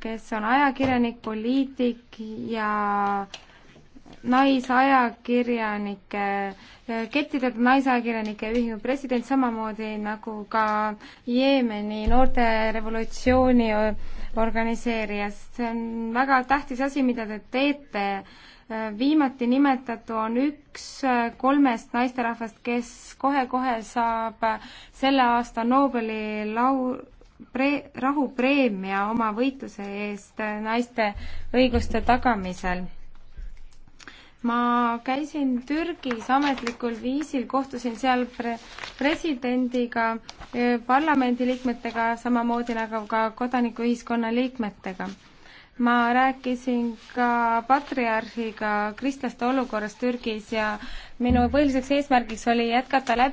kes on ajakirjanik, poliitik ja naisajakirjanike, kettide naisajakirjanike ühingu president, samamoodi nagu ka Jeemeni noorte revolutsiooni organiseerijas. see on väga tähtis asi, mida te teete viimati nimetatu on üks kolmest naisterahvast, kes kohe-kohe saab selle aasta Nobeli lau-, pre-, rahupreemia oma võitluse eest naiste õiguste tagamisel. ma käisin Türgis ametlikul viisil, kohtusin seal pre-, presidendiga, e, parlamendiliikmetega, samamoodi nagu ka kodanikuühiskonna liikmetega ma rääkisin ka patriarhiga kristlaste olukorrast Türgis ja minu põhiliseks eesmärgiks oli jätkata läbi